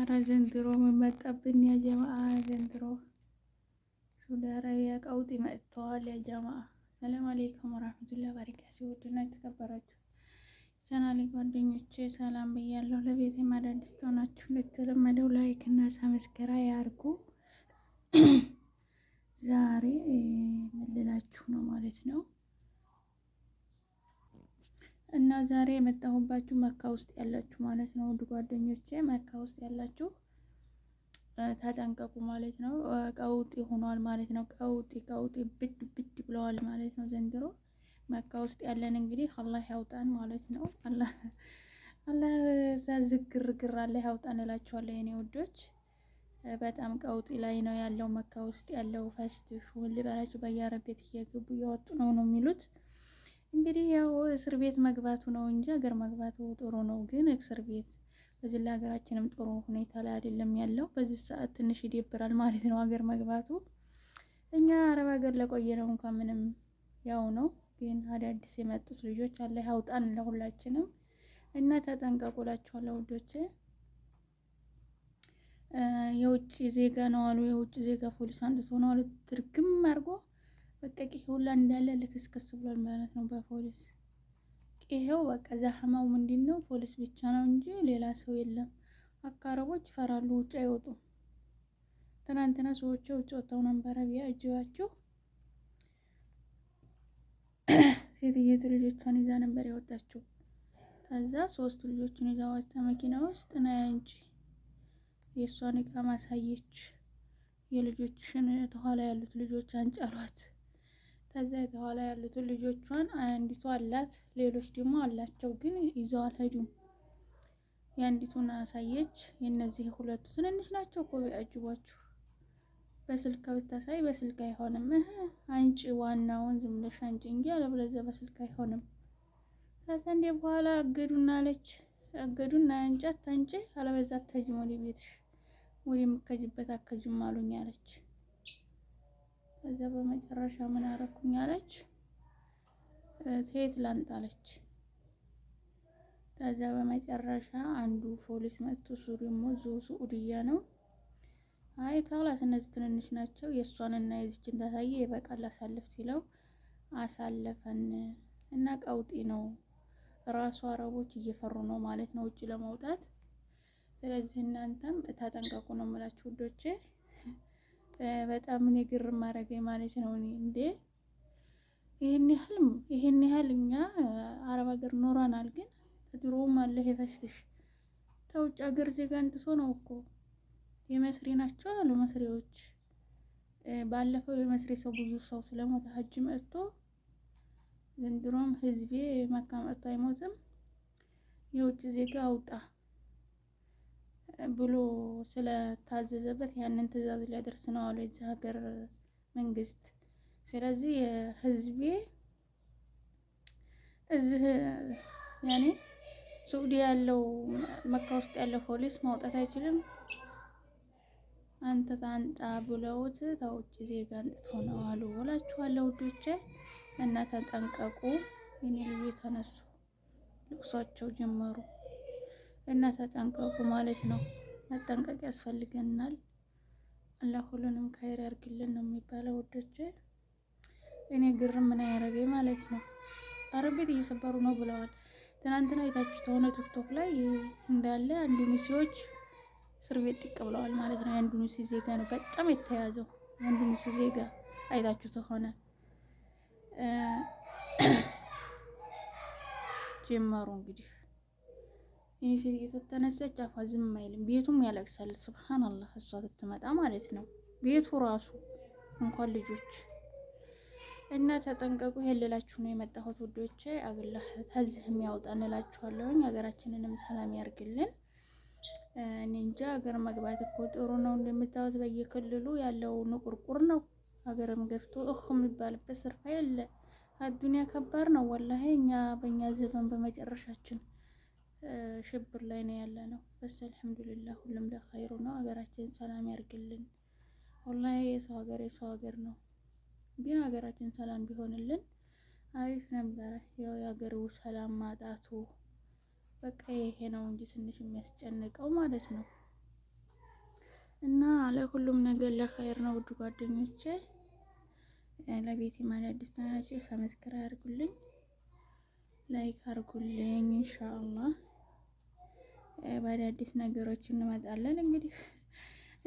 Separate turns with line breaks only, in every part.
አረ ዘንድሮ መመጣብን ያ ጀማአ ዘንድሮ ሳውዲ አረቢያ ቀውጢ መጥተዋል። ያ ጀማአ ሰላም አሌይኩም ወራህመቱላ በረካቱ። ውድና የተከበራችሁ ቻናሌ ጓደኞቼ ሰላም ብያለሁ። ለቤት አዳዲስ ከሆናችሁ እንደተለመደው ላይክ እና ሰብስክራይብ ያርጉ። ዛሬ ምን ነው ማለት ነው እና ዛሬ የመጣሁባችሁ መካ ውስጥ ያላችሁ ማለት ነው ውድ ጓደኞቼ፣ መካ ውስጥ ያላችሁ ተጠንቀቁ ማለት ነው። ቀውጢ ሆኗል ማለት ነው። ቀውጢ ቀውጢ ብድ ብድ ብለዋል ማለት ነው። ዘንድሮ መካ ውስጥ ያለን እንግዲህ አላህ ያውጣን ማለት ነው። አላህ አላህ ዝግርግር ያውጣን እላችኋለሁ የኔ ውዶች። በጣም ቀውጢ ላይ ነው ያለው መካ ውስጥ ያለው ፈስቲሹ ልበላችሁ። በየአረብ ቤት እየገቡ እየወጡ ነው ነው የሚሉት እንግዲህ ያው እስር ቤት መግባቱ ነው እንጂ ሀገር መግባቱ ጥሩ ነው። ግን እስር ቤት በዚህ ለሀገራችንም ጥሩ ሁኔታ ላይ አይደለም ያለው። በዚህ ሰዓት ትንሽ ይደብራል ማለት ነው ሀገር መግባቱ። እኛ አረብ ሀገር ለቆየ ነው እንኳን ምንም ያው ነው። ግን አዳዲስ የመጡት ልጆች አለ ያውጣን ለሁላችንም እና ተጠንቀቁላችኋለሁ ውዶቼ። የውጭ ዜጋ ነው አሉ የውጭ ዜጋ ፖሊስ ሰው ነው አሉ ድርግም አድርጎ በጠቂ ሁላ እንዳለ ልክስክስ ብሏል ማለት ነው በፖሊስ ይሄው በቃ ዛህማው ምንድን ነው ፖሊስ ብቻ ነው እንጂ ሌላ ሰው የለም አካረቦች ይፈራሉ ውጭ አይወጡም ትናንትና ሰዎች ውጭ ወጥተው ነበረ ቢያጅባቸው ሴትየቱ ልጆቿን ይዛ ነበር ያወጣቸው። ከዛ ሶስት ልጆችን ይዛ ወጣ መኪና ውስጥ ና እንጂ የእሷን እቃ ማሳየች የልጆችሽን ተኋላ ያሉት ልጆች አንጫሏት ከዛ የተኋላ ያሉትን ልጆቿን አንዲቱ አላት፣ ሌሎች ደግሞ አላቸው፣ ግን ይዘው አልሄዱም። የአንዲቱን አሳየች። የእነዚህ ሁለቱ ትንንሽ ናቸው እኮ ቢያጅቧችሁ። በስልክ ብታሳይ በስልክ አይሆንም። አንጭ ዋናውን ዝም ብለሽ አንጭ እንጂ አለብለዚያ በስልክ አይሆንም። ከዛ እንዴ በኋላ አገዱና አለች። አገዱና እንጫት አንጭ አለበለዚያ አትሄጂም ቤትሽ ወደ የምከጅበት አከጅም አሉኝ አለች። ከዛ በመጨረሻ ምን አረኩኝ አለች፣ ከየት ላንጣለች። ከዛ በመጨረሻ አንዱ ፖሊስ መጥቶ እሱ ደግሞ እዚሁ ሱዑድያ ነው። አይ ካላስ እነዚህ ትንንሽ ናቸው፣ የእሷንና የዚችን ታሳየ የበቃል አሳልፍ ሲለው አሳለፈን እና ቀውጢ ነው ራሱ አረቦች እየፈሩ ነው ማለት ነው ውጭ ለመውጣት። ስለዚህ እናንተም ተጠንቀቁ ነው የምላችሁ ውዶቼ። በጣም እኔ ግርም አደረገኝ ማለት ነው። እኔ እንዴ ይህን ያህል ይህን ያህል እኛ አረብ ሀገር ኖረናል፣ ግን ድሮም አለ የፈስትሽ ተውጭ ሀገር ዜጋ እንጥሶ ነው እኮ የመስሪ ናቸው አሉ መስሪዎች። ባለፈው የመስሪ ሰው ብዙ ሰው ስለሞተ ሀጅ መጥቶ ዘንድሮም ህዝቤ መካ መጥቶ አይሞትም። የውጭ ዜጋ አውጣ ብሎ ስለታዘዘበት ያንን ትዕዛዝ ሊያደርስ ነው አሉ የዚህ ሀገር መንግስት። ስለዚህ ህዝቤ እዚህ ያኔ ሱዑዲ ያለው መካ ውስጥ ያለው ፖሊስ ማውጣት አይችልም፣ አንተ ታንጣ ብለውት ተውጭ ዜጋ አንጥተው ነው አሉ እላችኋለሁ። ውዶቼ እና ተጠንቀቁ። የኔ ልዩ ተነሱ፣ ልቅሷቸው ጀመሩ። እና ተጠንቀቁ ማለት ነው። መጠንቀቅ ያስፈልገናል። አላህ ሁሉንም ከይር ያርግልን ነው የሚባለው ወዶች። እኔ ግርም ምን ያደረገ ማለት ነው አረብ ቤት እየሰበሩ ነው ብለዋል። ትናንትና የታችሁ ተሆነ ቲክቶክ ላይ እንዳለ ሚሲዎች እስር ቤት ጥቅ ብለዋል ማለት ነው። የአንዱ ሚሲ ዜጋ ነው በጣም የተያዘው ሚሲ ዜጋ አይታችሁ ተሆነ ጀመሩ እንግዲህ ይህ ሴት እየተተነሰች አፏ ዝም አይልም። ቤቱም ያለቅሳል። ስብሓንላህ እሷ ትትመጣ ማለት ነው። ቤቱ ራሱ እንኳን ልጆች እና ተጠንቀቁ። የልላችሁ ነው የመጣሁት ውዶቼ። አግላህ ከዚህም ያውጣን እላችኋለሁኝ። ሀገራችንንም ሰላም ያርግልን። እኔ እንጃ ሀገር መግባት እኮ ጥሩ ነው። እንደምታዩት በየክልሉ ያለው ንቁርቁር ነው። ሀገርም ገብቶ እህ የሚባልበት ስርፋ የለ። አዱኒያ ከባድ ነው ወላሂ። እኛ በእኛ ዘበን በመጨረሻችን ሽብር ላይ ነው ያለ ነው። በስ አልሐምዱሊላህ ሁሉም ለኸይሩ ነው። ሀገራችን ሰላም ያርግልን። ወላሂ የሰው ሀገር የሰው ሀገር ነው፣ ግን ሀገራችን ሰላም ቢሆንልን አሪፍ ነበረ። ያው የሀገሩ ሰላም ማጣቱ በቃ ይሄ ነው እንጂ ትንሽ የሚያስጨንቀው ማለት ነው። እና ለሁሉም ነገር ለኸይር ነው። ውድ ጓደኞቼ ለቤቴ ማለት አዲስ ተናናጭ ሰብስክራይብ አድርጉልኝ፣ ላይክ አድርጉልኝ ኢንሻአላህ በአዳዲስ ነገሮች እንመጣለን። እንግዲህ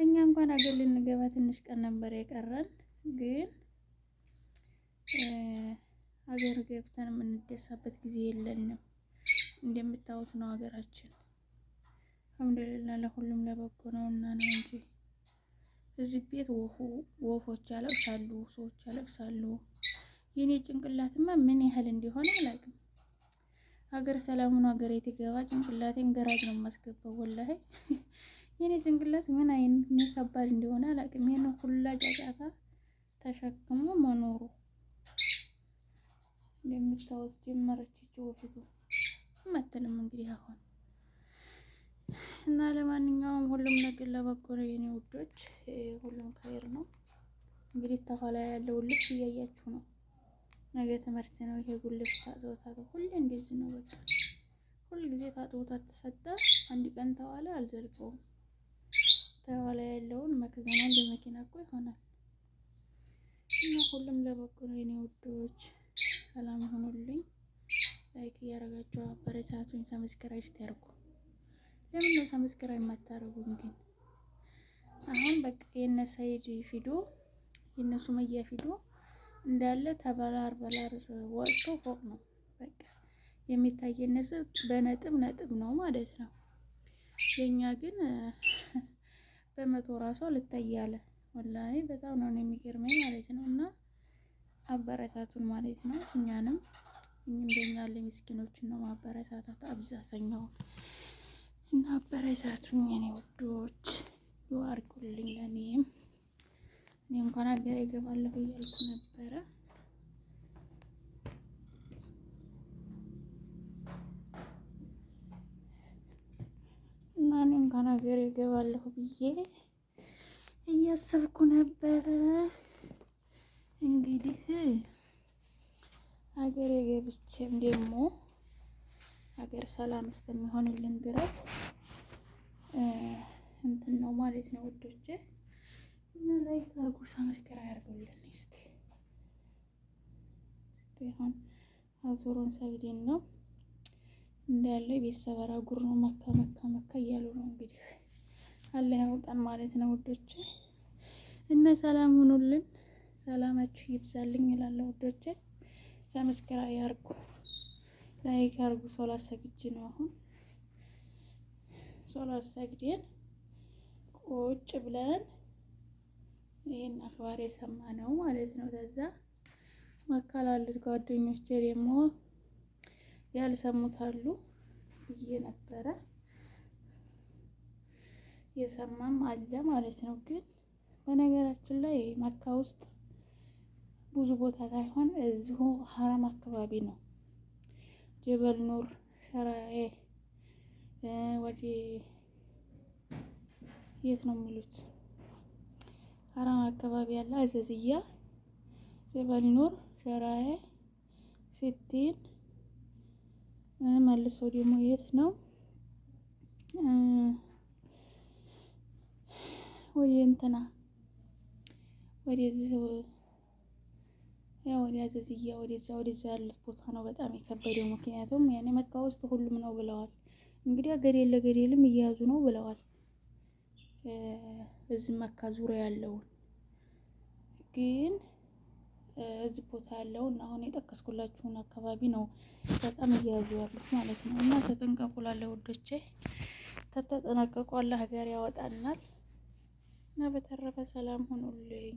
እኛ እንኳን አገር ልንገባ ትንሽ ቀን ነበር የቀረን፣ ግን አገር ገብተን የምንደሳበት ጊዜ የለንም። እንደምታዩት ነው ሀገራችን። አልሐምዱሊላ ለሁሉም ለበጎ ነው እና ነው እንጂ እዚህ ቤት ወፎች ያለቅሳሉ፣ ሰዎች ያለቅሳሉ። የኔ ጭንቅላትማ ምን ያህል እንዲሆን አላውቅም። ሀገር ሰላሙን ሀገሬ ትገባ። ጭንቅላቴን ገራጅ ነው የማስገባው። ወላሂ የኔ ጭንቅላት ምን አይነት ምን ከባድ እንደሆነ አላውቅም። ይሄን ሁላ ጫጫታ ተሸክሞ መኖሩ እንደምታወስ ጀመረች። በፊቱ መተልም እንግዲህ አሁን እና ለማንኛውም ሁሉም ነገር ለበጎ ነው የኔ ውዶች፣ ሁሉም ከይር ነው እንግዲህ ተኋላ ያለውን ልብስ እያያችሁ ነው። ነገ ትምህርት ነው። ይሄ ጉልት ታጥቦታት ሁሌ እንደዚህ ነው። በቃ ሁል ጊዜ ታጥቦታት ተሰጠ። አንድ ቀን ተዋለ አልዘልፈውም። ተዋላ ያለውን መክዘና እንደ መኪና እኮ ይሆናል። እና ሁሉም ለበጎ ነው። የኔ ውዶች ሰላም ሆኑልኝ። ላይክ እያደረጋችሁ አበረታቱኝ። ሰብስክራይብ ታርጉ። ለምን ነው ሰብስክራይብ የማታረጉኝ ግን? አሁን በቃ የነ ሳይድ ፊዶ የነ ሱመያ ፊዶ እንዳለ ተበራር በላር ወጥቶ ፎቅ ነው በቃ የሚታየን ነጥብ በነጥብ ነጥብ ነው ማለት ነው። የኛ ግን በመቶ ራሷ ልታያለ ወላሂ በጣም ነው የሚገርመኝ ማለት ነው። እና አበረታቱን ማለት ነው። እኛንም እንደኛ ያለ ምስኪኖችን ነው ማበረታታት አብዛተኛው እና አበረታቱኝ የኔ ውዶች፣ ዱአ አድርጉልኝ ለኔም እኔ እንኳን ሀገር ይገባለሁ እያልኩ ነበረ። እና እኔ እንኳን ሀገር ይገባለሁ ብዬ እያሰብኩ ነበረ። እንግዲህ ሀገር ገብቼም ደግሞ ሀገር ሰላም እስከሚሆንልን ድረስ እንትን ነው ማለት ነው ውዶቼ እና ላይክ አድርጉ፣ ሰብስክራይብ አድርጉልን። እስቲ አሁን አዙሮን ሰግዴን ነው እንዳለ ቤተሰብ አራጉር ነው። መካ መካ መካ እያሉ ነው እንግዲህ አለ ያውጣን ማለት ነው ውዶች እና ሰላም ሁኑልን። ሰላማችሁ ይብዛልኝ እላለሁ ውዶች። ሰብስክራይብ አድርጉ፣ ላይክ አድርጉ። ሶላት ሰግጄ ነው አሁን ሶላት ሰግዴን ቁጭ ብለን ይህን አክባሪ የሰማ ነው ማለት ነው። ለዛ መካ ላሉት ጓደኞቼ ደግሞ ያልሰሙት አሉ ብዬ ነበረ። የሰማም አለ ማለት ነው። ግን በነገራችን ላይ መካ ውስጥ ብዙ ቦታ ሳይሆን እዚሁ ሀረም አካባቢ ነው። ጀበል ኑር፣ ሸራኤ ወደ የት ነው የሚሉት አራማ አካባቢ ያለ አዘዝያ ጀበሊኖር ሸራዬ ስቲን መልሶ ደግሞ የት ነው ወደ እንትና ወደዚህ ያው ወደ አዘዝያ ወደዛ ወደዛ ያሉት ቦታ ነው በጣም የከበደው። ምክንያቱም ያኔ መካ ውስጥ ሁሉም ነው ብለዋል። እንግዲህ ገደል ለገደልም እየያዙ ነው ብለዋል። እዚህ መካ ዙሪያ ያለውን ግን እዚህ ቦታ ያለውን አሁን የጠቀስኩላችሁን አካባቢ ነው በጣም እያያዙ ያሉት ማለት ነው። እና ተጠንቀቁላለ ውዶቼ፣ ተተጠናቀቁ አለ ሀገር ያወጣናል። እና በተረፈ ሰላም ሁኑልኝ።